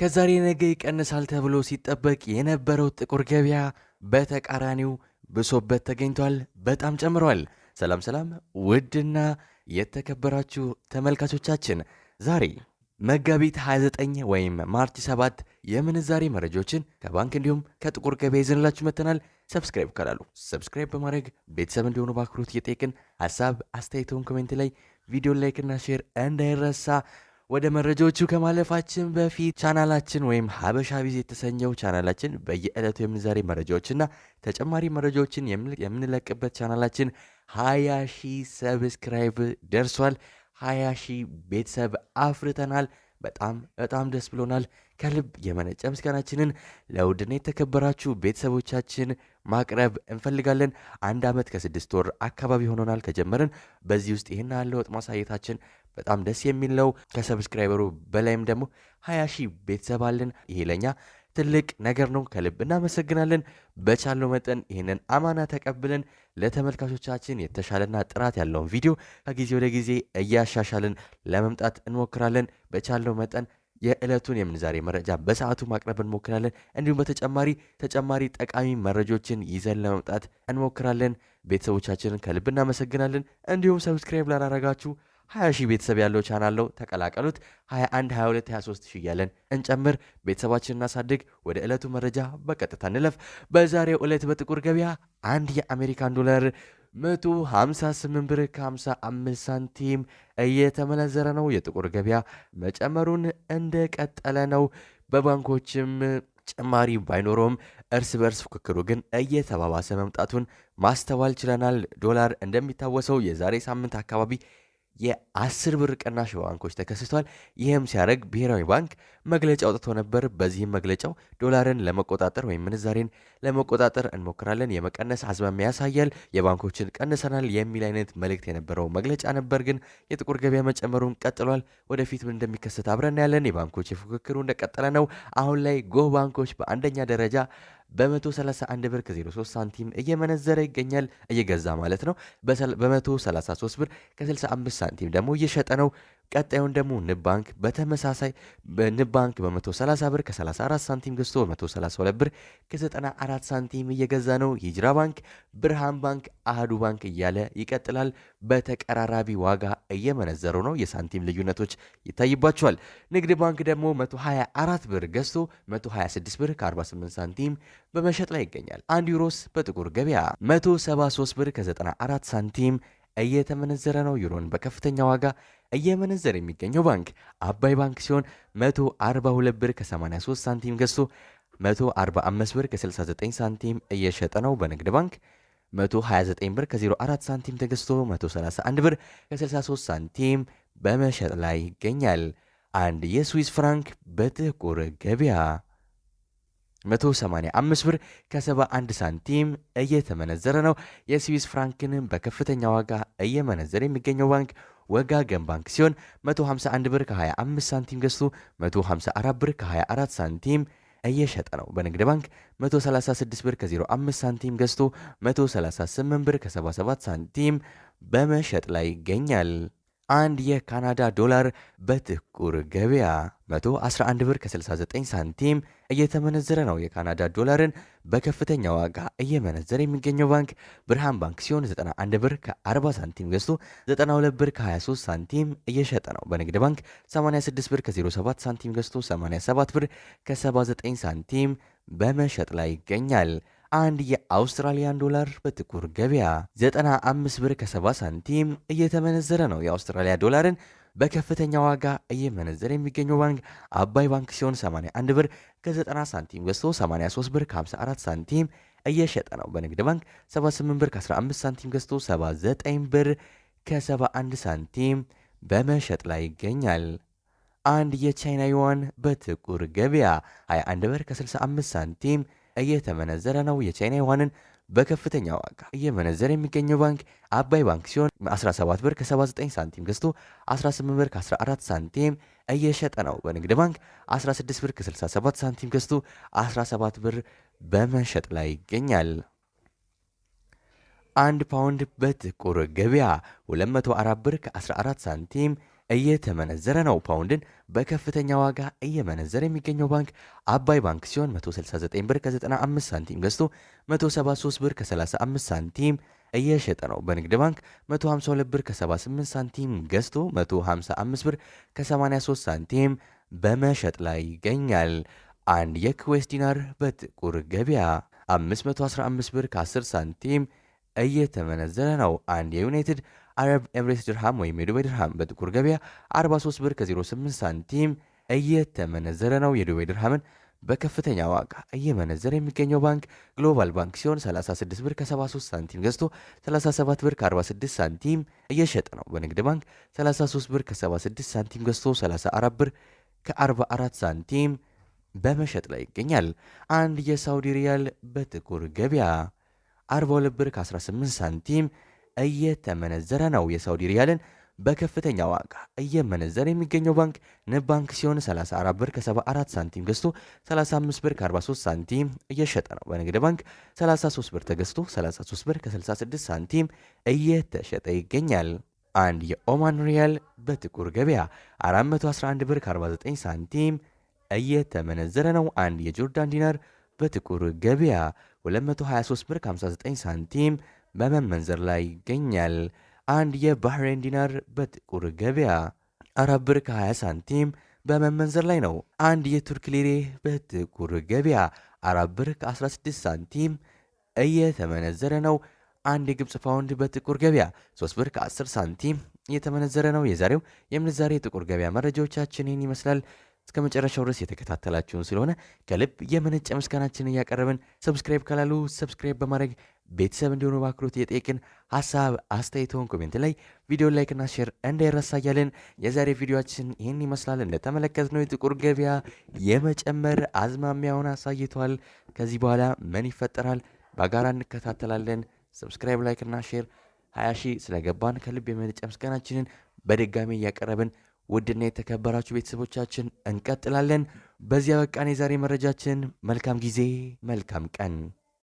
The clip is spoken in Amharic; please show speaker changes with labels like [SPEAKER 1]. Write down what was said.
[SPEAKER 1] ከዛሬ ነገ ይቀንሳል ተብሎ ሲጠበቅ የነበረው ጥቁር ገበያ በተቃራኒው ብሶበት ተገኝቷል፣ በጣም ጨምሯል። ሰላም ሰላም! ውድና የተከበራችሁ ተመልካቾቻችን ዛሬ መጋቢት 29 ወይም ማርች 7 የምንዛሬ መረጃዎችን ከባንክ እንዲሁም ከጥቁር ገበያ ይዘንላችሁ መጥተናል። ሰብስክራይብ ካላሉ ሰብስክራይብ በማድረግ ቤተሰብ እንዲሆኑ በአክብሮት እየጠየቅን ሀሳብ አስተያየተውን ኮሜንት ላይ ቪዲዮ ላይክና ሼር እንዳይረሳ ወደ መረጃዎቹ ከማለፋችን በፊት ቻናላችን ወይም ሀበሻ ቢዝ የተሰኘው ቻናላችን በየዕለቱ የምንዛሬ መረጃዎችና ተጨማሪ መረጃዎችን የምንለቅበት ቻናላችን ሀያ ሺ ሰብስክራይብ ደርሷል። ሀያ ሺ ቤተሰብ አፍርተናል። በጣም በጣም ደስ ብሎናል። ከልብ የመነጨ ምስጋናችንን ለውድና የተከበራችሁ ቤተሰቦቻችን ማቅረብ እንፈልጋለን። አንድ ዓመት ከስድስት ወር አካባቢ ሆኖናል ከጀመርን። በዚህ ውስጥ ይህን ያለ ለውጥ ማሳየታችን በጣም ደስ የሚል ነው። ከሰብስክራይበሩ በላይም ደግሞ ሀያ ሺህ ቤተሰብ አለን። ይሄ ለኛ ትልቅ ነገር ነው። ከልብ እናመሰግናለን። በቻለው መጠን ይህንን አማና ተቀብለን ለተመልካቾቻችን የተሻለና ጥራት ያለውን ቪዲዮ ከጊዜ ወደ ጊዜ እያሻሻልን ለመምጣት እንሞክራለን። በቻለው መጠን የዕለቱን የምንዛሬ መረጃ በሰዓቱ ማቅረብ እንሞክራለን። እንዲሁም በተጨማሪ ተጨማሪ ጠቃሚ መረጃዎችን ይዘን ለመምጣት እንሞክራለን። ቤተሰቦቻችንን ከልብ እናመሰግናለን። እንዲሁም ሰብስክራይብ ላላረጋችሁ 20 ሺህ ቤተሰብ ያለው ቻናል ነው። ተቀላቀሉት። 21፣ 22፣ 23 ሺህ እያለን እንጨምር፣ ቤተሰባችን እናሳድግ። ወደ ዕለቱ መረጃ በቀጥታ እንለፍ። በዛሬው ዕለት በጥቁር ገበያ አንድ የአሜሪካን ዶላር 158 ብር ከ55 ሳንቲም እየተመነዘረ ነው። የጥቁር ገበያ መጨመሩን እንደቀጠለ ነው። በባንኮችም ጭማሪ ባይኖረውም እርስ በርስ ፉክክሩ ግን እየተባባሰ መምጣቱን ማስተዋል ችለናል። ዶላር እንደሚታወሰው የዛሬ ሳምንት አካባቢ የአስር ብር ቅናሽ በባንኮች ተከስቷል። ይህም ሲያደርግ ብሔራዊ ባንክ መግለጫ አውጥቶ ነበር። በዚህም መግለጫው ዶላርን ለመቆጣጠር ወይም ምንዛሬን ለመቆጣጠር እንሞክራለን፣ የመቀነስ አዝማሚያ ያሳያል፣ የባንኮችን ቀንሰናል የሚል አይነት መልእክት የነበረው መግለጫ ነበር። ግን የጥቁር ገበያ መጨመሩን ቀጥሏል። ወደፊት ምን እንደሚከሰት አብረን ያለን። የባንኮች የፉክክሩ እንደቀጠለ ነው። አሁን ላይ ጎህ ባንኮች በአንደኛ ደረጃ በ131 ብር ከ03 ሳንቲም እየመነዘረ ይገኛል። እየገዛ ማለት ነው። በ133 ብር ከ65 ሳንቲም ደግሞ እየሸጠ ነው። ቀጣዩን ደግሞ ንብ ባንክ በተመሳሳይ ንብ ባንክ በ130 ብር ከ34 ሳንቲም ገዝቶ 132 ብር ከ94 ሳንቲም እየገዛ ነው። ሂጅራ ባንክ፣ ብርሃን ባንክ፣ አህዱ ባንክ እያለ ይቀጥላል። በተቀራራቢ ዋጋ እየመነዘሩ ነው። የሳንቲም ልዩነቶች ይታይባቸዋል። ንግድ ባንክ ደግሞ 124 ብር ገዝቶ 126 ብር ከ48 ሳንቲም በመሸጥ ላይ ይገኛል። አንድ ዩሮስ በጥቁር ገበያ 173 ብር ከ94 ሳንቲም እየተመነዘረ ነው። ዩሮን በከፍተኛ ዋጋ እየመነዘር የሚገኘው ባንክ አባይ ባንክ ሲሆን 142 ብር ከ83 ሳንቲም ገዝቶ 145 ብር ከ69 ሳንቲም እየሸጠ ነው። በንግድ ባንክ 129 ብር ከ04 ሳንቲም ተገዝቶ 131 ብር ከ63 ሳንቲም በመሸጥ ላይ ይገኛል። አንድ የስዊስ ፍራንክ በጥቁር ገበያ 185 ብር ከ71 ሳንቲም እየተመነዘረ ነው። የስዊስ ፍራንክንም በከፍተኛ ዋጋ እየመነዘረ የሚገኘው ባንክ ወጋገን ባንክ ሲሆን 151 ብር ከ25 ሳንቲም ገዝቶ 154 ብር ከ24 ሳንቲም እየሸጠ ነው። በንግድ ባንክ 136 ብር ከ05 ሳንቲም ገዝቶ 138 ብር ከ77 ሳንቲም በመሸጥ ላይ ይገኛል። አንድ የካናዳ ዶላር በጥቁር ገበያ 111 ብር ከ69 ሳንቲም እየተመነዘረ ነው። የካናዳ ዶላርን በከፍተኛ ዋጋ እየመነዘረ የሚገኘው ባንክ ብርሃን ባንክ ሲሆን 91 ብር ከ40 ሳንቲም ገዝቶ 92 ብር ከ23 ሳንቲም እየሸጠ ነው። በንግድ ባንክ 86 ብር ከ07 ሳንቲም ገዝቶ 87 ብር ከ79 ሳንቲም በመሸጥ ላይ ይገኛል። አንድ የአውስትራሊያን ዶላር በጥቁር ገበያ 95 ብር ከ70 ሳንቲም እየተመነዘረ ነው። የአውስትራሊያ ዶላርን በከፍተኛ ዋጋ እየመነዘረ የሚገኘው ባንክ አባይ ባንክ ሲሆን 81 ብር ከ90 ሳንቲም ገዝቶ 83 ብር ከ54 ሳንቲም እየሸጠ ነው። በንግድ ባንክ 78 ብር ከ15 ሳንቲም ገዝቶ 79 ብር ከ71 ሳንቲም በመሸጥ ላይ ይገኛል። አንድ የቻይና ዩዋን በጥቁር ገበያ 21 ብር ከ65 ሳንቲም እየተመነዘረ ነው። የቻይና ዩዋንን በከፍተኛ ዋጋ እየመነዘረ የሚገኘው ባንክ አባይ ባንክ ሲሆን 17 ብር ከ79 ሳንቲም ገዝቶ 18 ብር ከ14 ሳንቲም እየሸጠ ነው። በንግድ ባንክ 16 ብር ከ67 ሳንቲም ገዝቶ 17 ብር በመሸጥ ላይ ይገኛል። አንድ ፓውንድ በጥቁር ገበያ 204 ብር ከ14 ሳንቲም እየተመነዘረ ነው። ፓውንድን በከፍተኛ ዋጋ እየመነዘረ የሚገኘው ባንክ አባይ ባንክ ሲሆን 169 ብር ከ95 ሳንቲም ገዝቶ 173 ብር ከ35 ሳንቲም እየሸጠ ነው። በንግድ ባንክ 152 ብር ከ78 ሳንቲም ገዝቶ 155 ብር ከ83 ሳንቲም በመሸጥ ላይ ይገኛል። አንድ የኩዌስ ዲናር በጥቁር ገበያ 515 ብር ከ10 ሳንቲም እየተመነዘረ ነው። አንድ የዩናይትድ አረብ ኤምሬትስ ድርሃም ወይም የዱባይ ድርሃም በጥቁር ገበያ 43 ብር ከ08 ሳንቲም እየተመነዘረ ነው። የዱባይ ድርሃምን በከፍተኛ ዋጋ እየመነዘረ የሚገኘው ባንክ ግሎባል ባንክ ሲሆን 36 ብር ከ73 ሳንቲም ገዝቶ 37 ብር ከ46 ሳንቲም እየሸጠ ነው። በንግድ ባንክ 33 ብር ከ76 ሳንቲም ገዝቶ 34 ብር ከ44 ሳንቲም በመሸጥ ላይ ይገኛል። አንድ የሳውዲ ሪያል በጥቁር ገበያ 42 ብር ከ18 ሳንቲም እየተመነዘረ ነው። የሳውዲ ሪያልን በከፍተኛ ዋጋ እየመነዘረ የሚገኘው ባንክ ንብ ባንክ ሲሆን 34 ብር ከ74 ሳንቲም ገዝቶ 35 ብር ከ43 ሳንቲም እየሸጠ ነው። በንግድ ባንክ 33 ብር ተገዝቶ 33 ብር ከ66 ሳንቲም እየተሸጠ ይገኛል። አንድ የኦማን ሪያል በጥቁር ገበያ 411 ብር ከ49 ሳንቲም እየተመነዘረ ነው። አንድ የጆርዳን ዲናር በጥቁር ገበያ 223 ብር 59 ሳንቲም በመመንዘር ላይ ይገኛል። አንድ የባህሬን ዲናር በጥቁር ገበያ 4 ብር ከ20 ሳንቲም በመመንዘር ላይ ነው። አንድ የቱርክ ሊሬ በጥቁር ገበያ 4 ብር ከ16 ሳንቲም እየተመነዘረ ነው። አንድ የግብፅ ፓውንድ በጥቁር ገበያ 3 ብር ከ10 ሳንቲም እየተመነዘረ ነው። የዛሬው የምንዛሬ የጥቁር ገበያ መረጃዎቻችን ይህን ይመስላል። እስከ መጨረሻው ድረስ የተከታተላችሁን ስለሆነ ከልብ የመነጨ ምስጋናችንን እያቀረብን ሰብስክራይብ ካላሉ ሰብስክራይብ በማድረግ ቤተሰብ እንዲሆኑ ባክሮት የጠየቅን፣ ሀሳብ አስተያየቶን ኮሜንት ላይ ቪዲዮ ላይክና ሼር እንዳይረሳ እያልን የዛሬ ቪዲዮችን ይህን ይመስላል። እንደተመለከትነው የጥቁር ገበያ የመጨመር አዝማሚያውን አሳይቷል። ከዚህ በኋላ ምን ይፈጠራል በጋራ እንከታተላለን። ሰብስክራይብ፣ ላይክና ሼር ሀያ ስለገባን ከልብ የመነጨ ምስጋናችንን በድጋሚ እያቀረብን ውድና የተከበራችሁ ቤተሰቦቻችን እንቀጥላለን። በዚያ በቃን። የዛሬ መረጃችን መልካም ጊዜ፣ መልካም ቀን